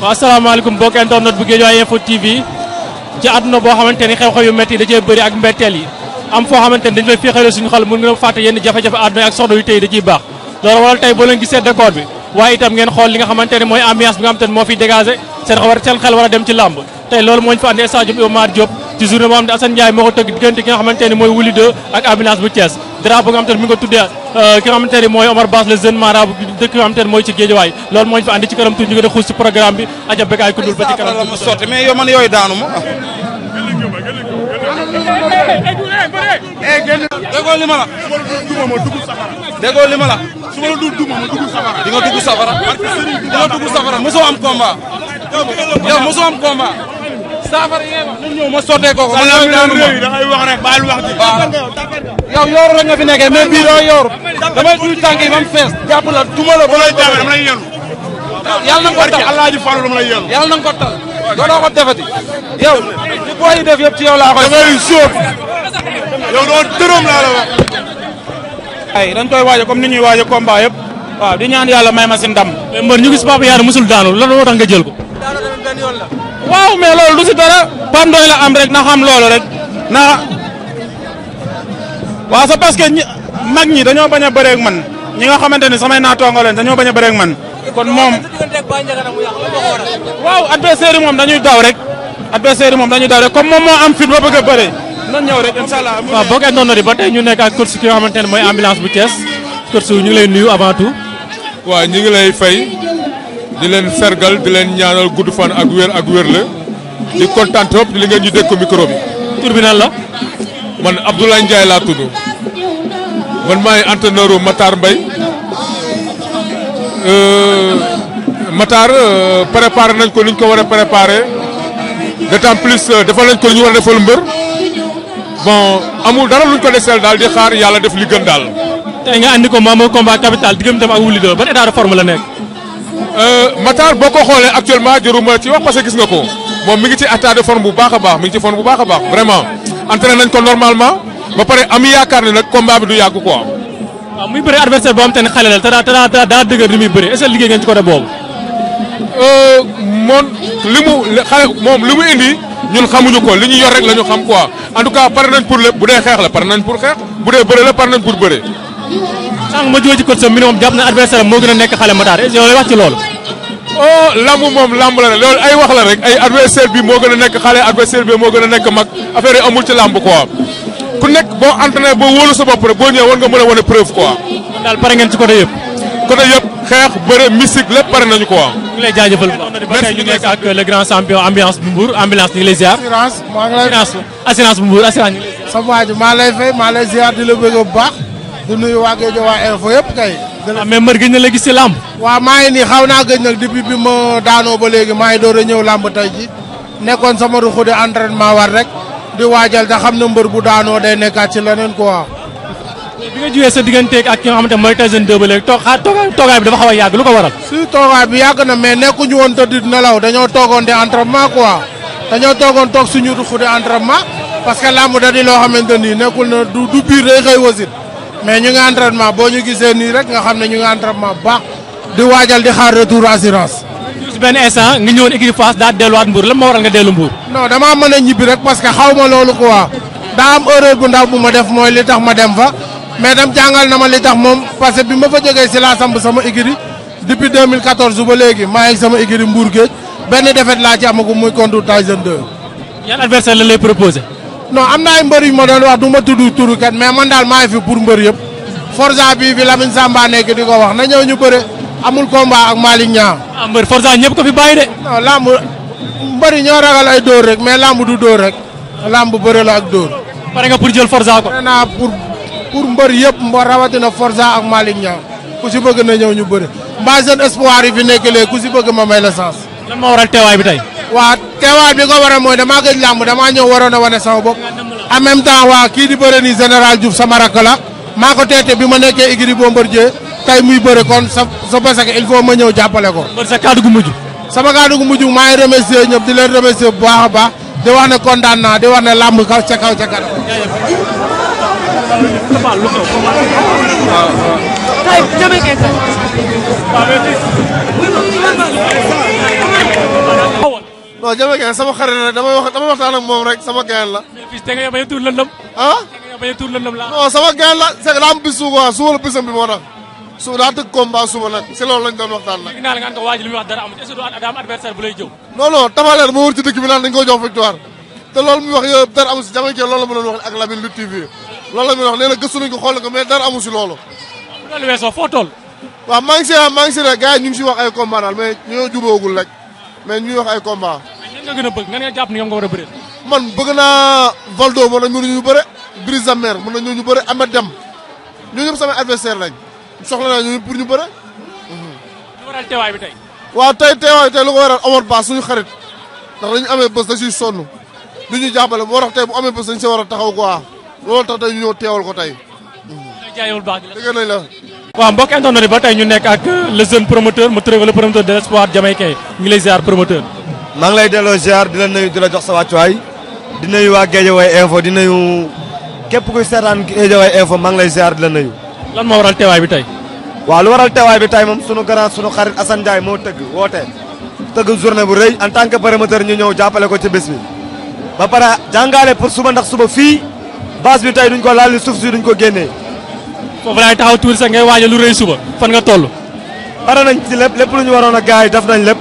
waaw asalaamaaleykum mbokk internet bu Guédiawaye Info TV ci àdduna boo xamante ni xew-xew yu métti yi da cee bëri ak mbetteel yi am foo xamante ni dañu fay féexale suñu xel mun nga fàtte yenn jafe-jafe àdduna ak soxla yu tey da baax loolu waral tey boo leen gisee décor bi waaye itam ngeen xool li nga xamante ne mooy ambiance bi nga xamante ne moo fiy dégagé seen xel war a dem ci làmb tey loolu moo ñu fa andi stade Iba Mar ci journée boo xam ne Assane Ndiaye moo ko tëgg diggante ki nga xamante mooy Wuli 2 ak ambulance bu Thiès drapeau nga nga xamante euh, mooy Omar Bass le jeune marabout bi dëkk nga mooy ci Guédiawaye loolu moo ñu fa andi ci kanam tuuti ñu gën a xuus ci programme la ma la su eh, ma la dul duma ma dugg safara di nga dugg safara di nga mosoo am combat saafara yi ngay wax ñun ñëw ma sottee kooku. ma ñëw daanu ma da ngay wax yooru rek nga bii doo yooru. damay duy tànk yi ba fees. jàpp duma la ba lay jaabe na nga ko tal alaaji Fallu dama def yëpp ci yow laa koy. da ngay sóob yow doo dërëm laa la wax. ay dañ koy waaje comme ni ñuy waaje combat yëpp. waaw di ñaan yàlla may ma si ndam. mais mbër ñu gis Papa Yade musul daanu lan moo tax nga jël ko. daanu tamit benn yoon la. waaw mais loolu du si dara. la am rek na xam loolu rek na waaw c'est parce que ñi mag ñi dañoo bañ a bëree ak man ñi nga xamante ni samay naataangoo leen dañoo bañ a bëree ak man. kon moom waaw adversaire moom dañuy daw rek. adversaire yi moom dañuy daw rek comme moom moo am fit ba bëgg a bëre. nan ñëw rek incha allah. waaw boo ko doon ba tey ñu nekk ak course ki nga xamante ne mooy ambulance bu Thiès course ñu ngi lay nuyu avant tout. waaw ñi ngi lay fay di leen sergal di leen ñaanal gudd fan ak wér ak wér la di kontaan trop li ngeen ñu dékk micro bi. tur bi nan la. man Abdoulaye Ndiaye laa tudd man maay entraîneur Matar mbay euh, Matar euh, préparé nañ ko nuñ ko war a préparé d'autant plus euh, defal nañ ko lu ñu war a defal mbër bon amul dara luñ ko deseel daal di xaar yàlla def li gën daal. tey nga andi ko moom combat capital digganteem ak Wouly 2 ban état de nekk. Euh, Matar boo ko xoolee actuellement jaruma ci wax parce que gis nga ko moom mi ngi ci état bu baax a baax mi ngi ci forme bu baax a baax vraiment entraîné ko normalement ba pare am yaakaar ne na combat bi du yàgg quoi. waaw ah, muy bëri adversaire boo xam te ne xale dëgër li muy bëri est-ce que liggéey ngeen ci côté boobu. Euh, moom li mu xale moom li indi ñun xamuñu ko li ñu yor rek la ñu xam quoi en tout cas pare nañ pour lépp bu dee sànq ma jógee ci coach mi ne na adversaire moo gën a nekk xale Matar yow lay wax ci loolu. oh lamb moom lamb la rek loolu ay wax la rek ay adversaire bi moo gën a nekk xale adversaire bi moo gën a nekk mag affaire yi amul lamb quoi ku nekk boo entraîné boo wóolu sa bopp rek boo ñëwee war nga mën a wane preuve quoi. kon daal pare ngeen ci côté yëpp. côté yëpp xeex bëre mystique lépp pare nañu quoi. ñu ngi bu Mbour ambulance ñu ngi lay ziar. di nuyu wa Géeja wa info yëpp kay. waaw ah, mais mbër gëj na la gis ci làmb. waaw maa ngi nii xaw naa depuis bi ma daano ba léegi maa ngi door a ñëw làmb tey ji nekkon sama ruxu di entraînement war rek di wajal da xamna ne bu daano day nekkaat ci lenen quoi. bi nga juwé sa digënté ak ki nga xamante ne mooy Tyson 2 ba léegi tok xaar ah, toogaay bi dafa xawa yag lu ko waral. su toogaay bi yag na mais nekku nekkuñu woon tëdd nalaw dañoo toogoon di entraînement quoi dañoo togon tok suñu ruxu di entraînement parce que lamb da di lo xamanté ni nekkul na du du bir day xey wasit mais ñu ngi entraînement boo ñu gisee nii rek nga xam ne ñu ngi entraînement bu baax di waajal di xaar retour assurance. juste benn instant nga ñëwoon équipe Fass daal delluwaat Mbour lan moo waral nga dellu Mbour. non damaa mën a ñibbi rek parce que xaw ma loolu quoi daa am erreur bu ndaw bu ma def mooy li tax ma dem fa mais tam jàngal na ma li tax moom parce que bi ma fa jógee si laa samp sama écurie depuis 2014 ba léegi maa ngi sama écurie Mbour Géej benn défaite laa ci amagum muy contre Tyson 2. yan adversaire la lay proposé. non am na ay mbër yu ma doon wax du ma tudd turu kat mais man daal maa fi pour mbër yëpp Forza bii fi Lamine Samba nekk di ko wax na ñëw ñu bëre amul combat ak Malick Niang. ah mbër Forza ñëpp ko fi bàyyi de. non lamb mbëri ñoo ragal ay rek mais lamb du dóor rek lamb bëre la ak dóor. pare nga pour jël Forza ko. naa pour pour mbër yëpp mba rawatina forsa ak Malick Niang ku si bëgg na ñëw ñu bëre mbaa seen espoir yi fi nekk léegi ku si bëgg ma may la waral teewaay bi tey. waa teewaay bi ko waral mooy damaa gëj làmb damaa ñëw waroon a wane sama bopp en même waa kii di bëre ni général Diouf sama rakk teete bi ma nekkee igri Bombardier tey muy bëre kon sa il faut ma ñëw jàppale ko. kon gu mujj. sama kàddu gu mujj maa bu baax a baax kontaan naa làmb kaw ca non Jama Gueye sama xarit la damay wax damay waxtaan ak moom rek sama gain la. mais bis da nga bañ a tuur lëndëm. ah da nga bañ a tuur lëndëm la. non sama gain la c'est que daa am bis suba suba la bisam bi moo tax. suba daa tëgg combat suba nag si loolu lañ doon waxtaan nag. dégg naa la nga ko waaj li muy wax dara amul est-ce que daa am adversaire bu lay jëw. non non tafaleer moo wër ci dëkk bi naan dañ ko jox victoire te loolu muy wax yëpp dara amu si Jama Gueye loolu la ma doon wax ak Lamine Lutte TV loolu la muy wax nee na gëstu nañ ko xool ko mais dara amu si loolu. bu loolu weesoo foo toll. waaw maa ngi si maa ngi si rek gars yi ñu ngi si wax ay combat daal mais ñoo juboogul rek mais ñuy wax ay combat. mais ñan a bëgg nga jàpp ni nga man bëgg naa Valdo mën na ñu ñu bëre Brise Mer mën na ñu ñu bëre Amath dem ñu ñëpp sama adversaire lañ soxla naa ñu pour ñu bëre. lu waral bi tey. waaw tey teewaay bi tey lu ko waral Omar Ba suñu xarit ndax dañu amee bés da ciy sonn du ñuy jàppale moo tax tey bu amee bés dañ se war a taxaw quoi loolu tax tey ñu ñëw teewal ko tey. dëgg la. waaw mbokk internet yi ba tey ñu nekk ak le jeune promoteur mu tërëwal le promoteur de l'espoir jamaïcain ñu ngi lay ziar promoteur. delloo ziar di la nuyu di la jox sa wàccuwaay di nuyu waa Guédiawaye info di nuyu képp kuy seetaan Guédiawaye info maa ngi lay ziar di la nuyu. lan moo waral teewaay bi tey. waaw lu waral teewaay bi tey moom sunu grand sunu xarit Assane Ndiaye moo tëgg woote tëgg journée bu rëy en tant que promoteur ñu ñëw jàppale ko ci bés bi. ba pare jàngaale pour suba ndax bi tey duñ ko laal suuf si duñ ko génnee. foofu laay taxaw tuuti sax ngay waajal lu rëy suba fan nga toll. pare nañ ci lépp lépp lu ñu waroon a gars yi def nañ lépp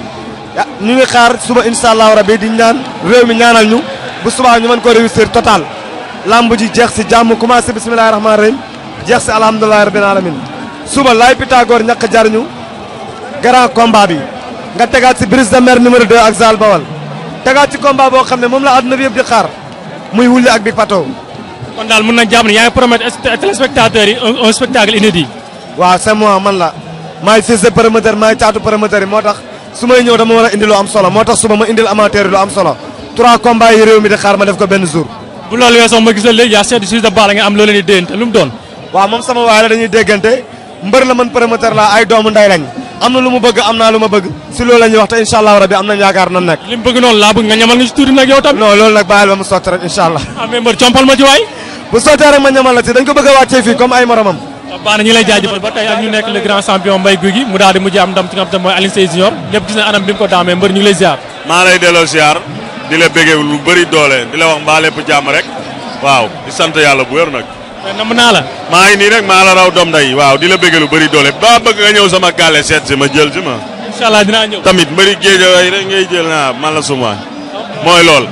ñu ngi xaar suba incha allahu rabi di ñaan réew mi ñaanal ñu bu subaa ñu mën ko réussir total. lamb ji jeex si jàmm commencé bisimilah rahmaani rahim jeex si alhamdulilah rabbil alamin suba laay Pythagore ñàkk jariñu grand combat bi nga tegaat si biris de mer numéro 2 ak Zal Bawal tegaat si combat boo xam ne moom la àdduna bi yëpp di xaar muy wulli ak Pato. kon waaw c'est man la maay fils de promoteur maay caatu promoteur yi moo tax su may ñëw dama war a indi lu am solo moo tax suba ma indil amateur yi lu am solo trois combats ma def ko benn jour. bu loolu am loo lu mu doon. waaw moom sama waay la dañuy déggante mbër la man promoteur la ay doomu nday lañ am na lu mu bëgg am naa lu ma bëgg si loolu la ñuy wax te incha allah rabi am nan nekk. li mu bëgg noonu laa bëgg nga ñamal nga si tuuti nag yow tam. non bu sottee rek ma ñamal la ci dañ ko bëgg waccé fi comme ay moromam baana ñi lay jaajëfal ba tay ak ñu nekk le grand champion mbay guy mu daal di mujj am ndam ci nga xam te mooy Alioune Seye Junior ñëpp gis na anam bi ko daamé mbeur ñu lay ziar ma lay delloo ziar di la bëggé lu bëri doolé di la wax ba lepp jàmm rek waaw di sante yalla bu wér nak nam na la ma ngi ni rek ma la raw dom day waaw di la bëggé lu bëri doolé ba bëgg nga ñëw sama galé seet ci ma jël ci ma inshallah dina ñëw tamit mbeuri mbëri géejawaay rek ngay jël na man la suma moy lool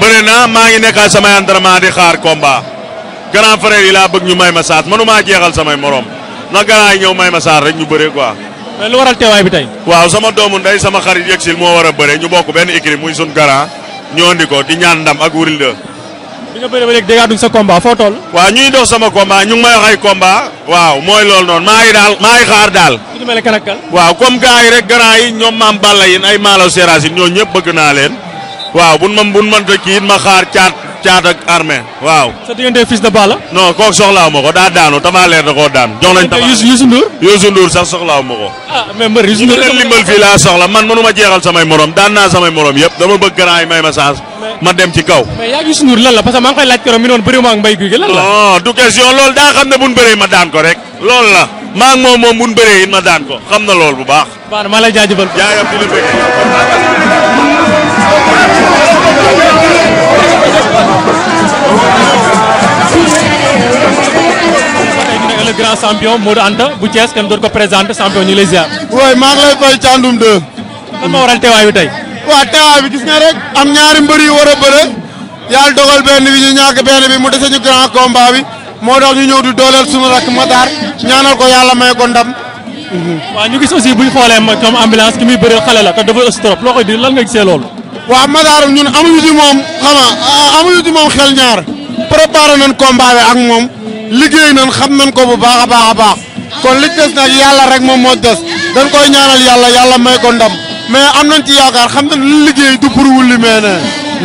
bëré na ma ngi nekk sama entraînement di xaar combat grand frère yi laa bëgg ñu may ma saas mënumaa jeexal samay morom na grand yi ñëw may ma saas rek ñu bëree a mais lu waral teewaay bi tey. waaw sama doomu ndey sama xarit yegsil moo war a bëree ñu bokk benn écrit muy sun grand ñoo ko di ñaan ndam ak wuril de. bi nga bëree ba léegi dégg duñ sa combat foo toll. waaw ñuy dox sama combat ñu ngi may wax ay combat. waaw mooy loolu noonu maa ngi daal maa ngi xaar daal. su mel kan ak kan. waaw comme gars yi rek grand yi ñoom maam Balla yi ay Malaw Seras yi ñooñu ñëpp bëgg naa leen. waaw buñ ma buñ mënta kii it ma xaar caat ak armée waaw. sa diggante fils de Balla. non ko daa daanu Tapha Leer da koo daan. jox nañ Tapha Youssou Ndour. Youssou Ndour sax soxlaawu ma i ah mais mbër Youssou limbal fii laa soxla man mënu ma jeexal samay morom daan naa samay morom yëpp dama bëgg grand may ma chance ma dem ci kaw. mais yaa Youssou la parce que maa laaj keroog mi noonu bëriwuma la. non du question loolu daa xam ne bu ñu bëree ma daan ko rek. loolu la maa ngi moom moom bu ñu ma daan ko xam na loolu bu baax. waaw maa lay jaajëfal. jaajëf di la bëgg le grand champion Modou Anta bu Thiès kenn dootu ko présenté champion ñu lay ziar. waaw maa ngi lay fay Thiandoum 2. lan moo waral teewaay bi tey. waaw teewaay bi gis nga rek am ñaari mbër yu war a bëre dogal benn bi ñu ñàkk benn bi mu dese grand combat bi moo tax ñu ñëw di dooleel suñu rakk Matar ñaanal ko yàlla may ko ndam. waaw ñu gis aussi bu ñu xoolee moom ambulance ki muy bëree xale la te dafa ës loo koy di lan nga gisee loolu. waaw Matar liggéey nan xam nan ko bu baax a baax a baax kon li des nag yàlla rek moom moo des dañ koy ñaanal yàlla yàlla may ko ndam mais am nañ ci yaakaar xam nañ li liggéey du pour wulli mais ne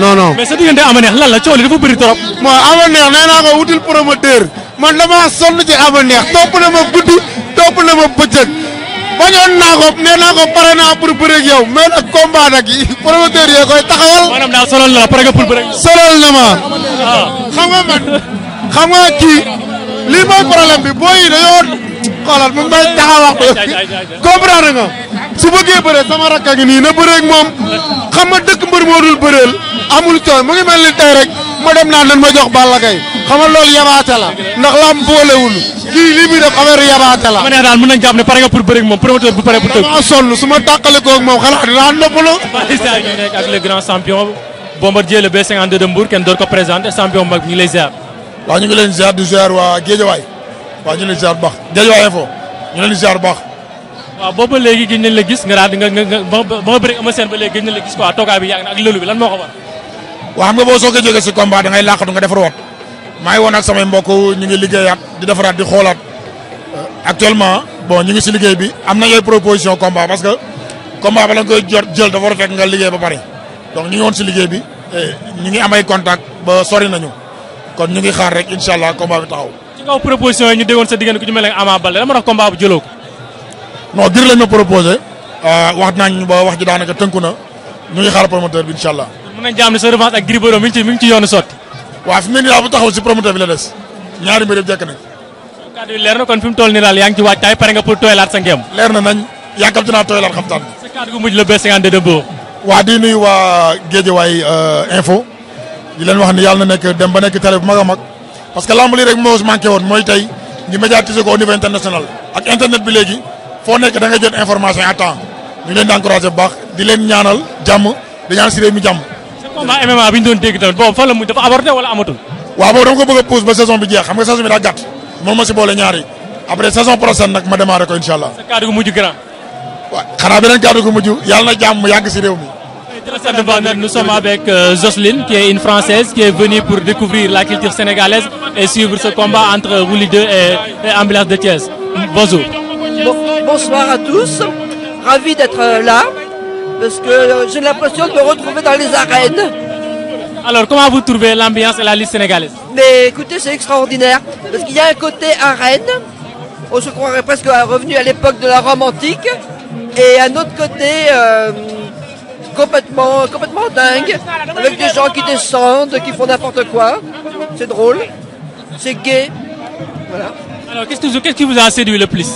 non non. mais sa diggante Amanekh lan la coow li dafa bëri trop. mooy Amanekh nee naa ko wutil promoteur man damaa sonn ci Amanekh topp na ma guddi topp na ma bëccëg bañoon naa ko nee naa ko pare naa pour bëreeg yow mais nag combat nag yi promoteur yee koy taxawal. maanaam daal solal na la pare nga pour bëreeg. solal na ma. Ah. xam nga man lii mooy problème bi booy yi dañoo xoolal mu may taxaw wax comprendre nga su bëggee bëre sama rakk a ngi nii moom xam nga dëkk mbër moo dul bëreel amul coono mu ngi mel ni tey rek ma dem naan ma jox Balla Gaye xam lool loolu yabaate la ndax lam boolewul kii lii muy def affaire yabaate la. ma ne daal mën nañu jàpp ne pare nga pour moom promoteur bu pare bu tëgg. damaa sonn su ma tàqalikoo ak moom xanaa dinaa noppalu. ak le grand champion Bombardier waaw ñu ngi leen ziar di ziar waa Géejawaay waaw ñu ngi leen ziar bu baax Géejawaay info ñu leen di ziar bu baax. waaw boobu ba léegi gëj nañ la gis nga daal di nga nga ba nga bëri ama seen ba léegi gëj nañ la gis quoi toogaay bi yàgg na ak lëlu bi lan moo war. waaw xam nga boo soogee jógee si combat da ngay làqatu nga defar woon maa ngi ak samay mbokk ñu ngi liggéeyaat di defaraat di xoolaat euh, actuellement bon ñu ngi si liggéey bi am na yooyu proposition combat parce que combat ba la nga koy jot jël dafa war a nga liggéey ba pare donc ñu ngi woon si liggéey bi ñu ngi am ay contact ba sori nañu kon ñu ngi xaar rek incha allah combat bi taxaw. ci kaw proposition yi ñu déggoon sa diggante ku ñu mel ne Ama Baldé la ma bu jëloo ko. non dir lañ ma proposé euh, wax nañ ba wax ji daanaka tënku ñu ngi xaar promoteur bi incha allah. mën jaam ne sa revanche ak Gris Bordeaux mi ngi ci mi ngi ci yoonu sotti. waaw fi mu ne nii bu taxaw si promoteur bi la des ñaari mbir yëpp jekk nañ. leer na kon fi toll nii daal yaa ngi ci waajtaay pare nga pour di leen wax ni yàlla na nekk dem ba nekk télé bu mag a mag parce que lamb lii rek moo manqué woon mooy tey ñu médiatiser ko international ak internet bi léegi foo nekk da jot information à temps ñu leen di encouragé baax di leen ñaanal jàmm di ñaan si réew mi jàmm. sa combat MMA bi ñu doon tamit boobu fan la mu dafa aborder wala amatul. waaw boobu dama ko bëgg a pousse ba saison bi jeex xam nga saison bi daa gàtt moom ma si boole ñaari après saison prochaine jàmm yàgg si réew mi nous sommes avec euh, Jocelyne, qui est une Française, qui est venue pour découvrir la culture sénégalaise et suivre ce combat entre Rouli 2 et, Ambulance de Thiès. Bonjour. bonsoir à tous. Ravi d'être euh, là, parce que euh, j'ai l'impression de me retrouver dans les arènes. Alors, comment vous trouvez l'ambiance et la liste sénégalaise Mais écoutez, c'est extraordinaire, parce qu'il y a un côté arène, on se croirait presque revenu à l'époque de la Rome antique, et un autre côté complètement, complètement dingue, avec des gens qui descendent, qui font n'importe quoi. C'est drôle, c'est gay. Voilà. Alors, qu'est-ce qui vous a séduit le plus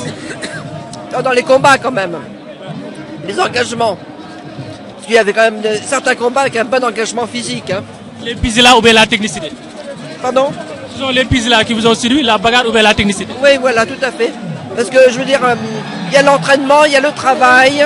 Dans les combats, quand même. Les engagements. Parce qu'il y avait quand même certains combats avec un bon engagement physique. Hein. Les là ou bien la technicité Pardon Ce sont les là qui vous ont séduit, la bagarre ou bien la technicité Oui, voilà, tout à fait. Parce que, je veux dire, euh, il y a l'entraînement, il y a le travail,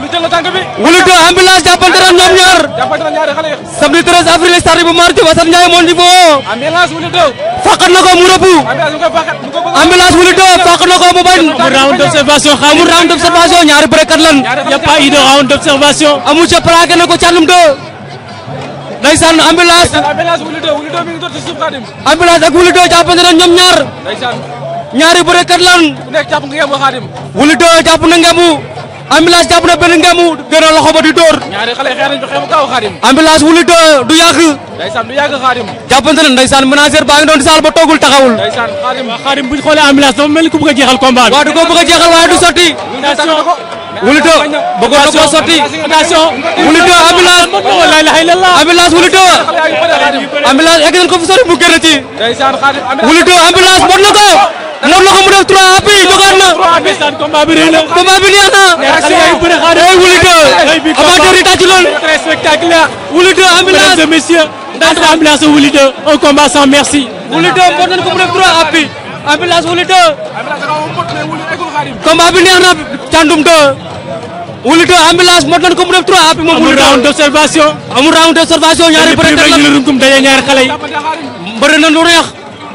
jël na tànk bi. wulu do ambulance jàppante na ñoom ñaar. jàppante na ñaari xale yi. samedi 13 avril stade bu Mar Diop Assane na ko mu rëbbu. ambulance wulu do fàqat na ko mu bañ. amul round d'observation xaaral a na ko càllum do. ndeysaan ambulance. ambulance wulu ak wulu do jàppante na ñoom ñaar. ñaari bërekat lan. ku nekk jàpp na ngemu ambulance jàpp na benn ngemu a loxo ba di dóor. ñaari wuli du du yàgg xaadim. na ndeysaan ménagère baa ngi doon di saal ba toogul taxawul. ndeysaan xaadim xaadim bu a jeexal combat bi. a jeexal waaye du sotti. wulito bëggoon na koo sotti fu sori mu gën a ci wulito ambulance mën Mor loxo mu def 3 appuis jogaat na. combat bi neex na combat bi neex na. ay Wouly 2 amateur yi tàcc lool. très spectaculaire. Wouly 2 ambulance mesdames et messieurs. entre ambulance Wouly 2 un combat sans merci. Wouly 2 mboq nañ ko mu def 3 appuis ambulance Wouly 2. combat bi neex na Thiandoum 2. Wouly 2 ambulance mot nañ ko mu def 3 appuis moom Wouly 2 amul round d'observation. amul round d'observation ñaari bëre teg la dañuy ñaari xale yi. bëre na lu neex.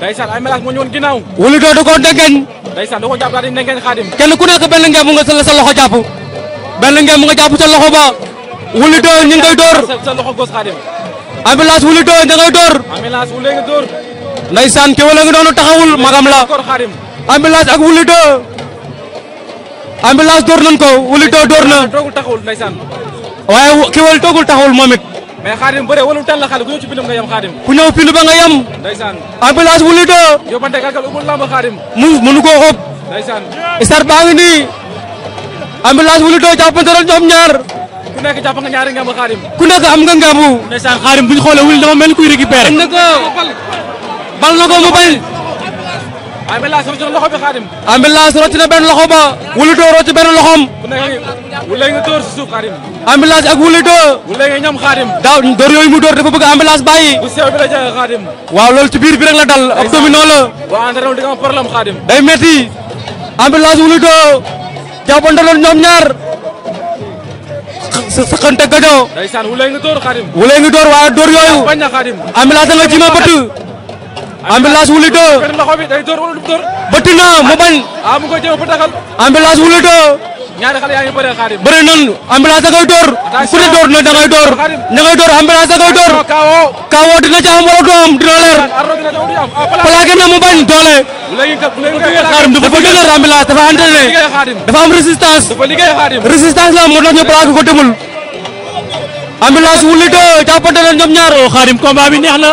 ndeysaan ay mélange moo ñëwoon ginnaaw wuli doo da koo dengeñ ndeysaan da ko jàpp daal di kenn ku nekk benn ngeen mu nga sa loxo jàpp benn ngeen mu nga jàpp sa loxo ba wuli doo ñu ngay door sa loxo gos xaadim ambulance wuli doo da ngay door ambulance wuli nga door ndeysaan ke wala nga doonu taxawul magam la ambulance ak wuli doo ambulance door nañ ko wuli doo door na toogul taxawul ndeysaan waaye ki wal toogul taxawul moom it mais xaadim bëre walul tan la xale ku ñëw ci pindum nga yem xaadim ku ñëw pindu ba nga yem ndeysaan ambulance wulu do yóbbante kalkal umul lamb xaadim mu mënu koo xóob ndeysaan star baa ngi nii ambulance wulu do jàppante rek ñoom ñaar ku nekk jàpp nga ñaari ngemb xaadim ku nekk am nga ngembu ndeysaan xaadim buñ xoolee wulu dama mel kuy récupérer bal na ko mu bañ ambulance rocc na loxo bi xaadim ambulance rocc na benn loxo ba wuli doo rocc benn loxom wule nga door si suuf xaadim ambulance ak wuli doo wule nga ñam xaadim daaw door yooyu mu door dafa bëgg ambulance bàyyi bu sew bi la jaay xaadim waaw loolu ci biir bi rek la dal abdominaux la boo entraîné di nga am problème day metti wuli ñaar gado nga nga nga ci ma bëtt ambulance Wouly 2 bëtt na mu bañ. ah mu ngi koy jéem a pataxal. ambulance Wouly 2. ñaari xale yaa ngi bëree xaadim. bëri nañu ambulance da ngay door. ku ne door na da ngay door. da ngay door ambulance da ngay door. kaawoo dina am wala du leer. Ah, plaqué na mu doole. dafa dëgër ambulance dafa entraîné. dafa am résistance. la moo tax ñu plaqué ko demul. ambulance Wouly 2 jàppante na ñoom ñaar. xaadim combat bi neex na.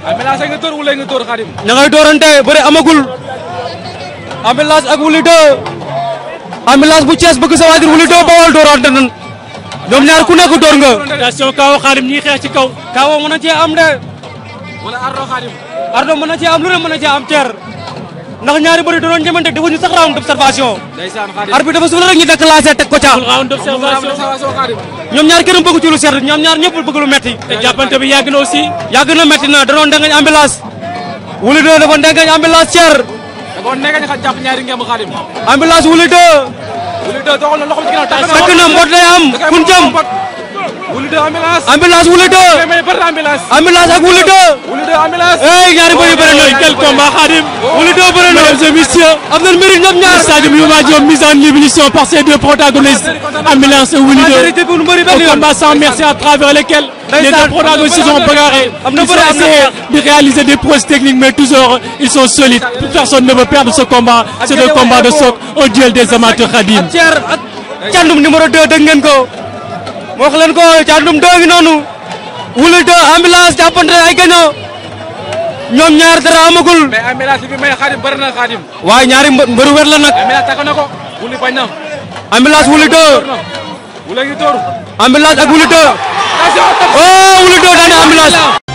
Ambulance ah, nga dóor wulay nga dóor Xadim. ña ngay dóorante bëri amagul. Ambulance ak Wouly 2. Ambulance bu Thiès bëgg sa waajur doo 2 Bawol dóorante nan. ñoom ñaar ku nekk door nga. attention Kaaw Xadim ñiy xeex ci kaw. Kaaw mën na cee am de. wala Ardo Xadim. Ardo na cee am lu ne mën na cee am ceer. ndax ñaari mbër yi doon ñemante defuñu sax round d'observation. arbitre dafa suuf ñu déclenché teg ñoom ñaar kenn bëgg ci ñoom ñaar ñëpp bëgg lu metti. te jàppante bi yàgg na aussi. yàgg na metti na danoon ndengañ ambulance. Wouly 2 dafa ndengañ ambulance Thier. dafa ndengañ xa mbot day am kun Wouly vous ambulance ambulance quel combat Khadim Vous en ébullition par ces deux protagonistes et combat sans merci à travers lesquels les deux protagonistes sont ont de réaliser des techniques mais toujours ils sont solides personne ne veut perdre ce combat c'est le combat de soc au duel des amateurs Khadim numéro 2 de wax leen ko Thiatou Loum 2 ngi noonu Wouly 2 ambulance jàppante ay gaño ñoom ñaar dara amagul. mais ambulance bi may xaadim waaye ñaari mbëru wet la nag. ambulance takk na ko Wouly bañ ak Wouly 2. oh Wouly 2 daan na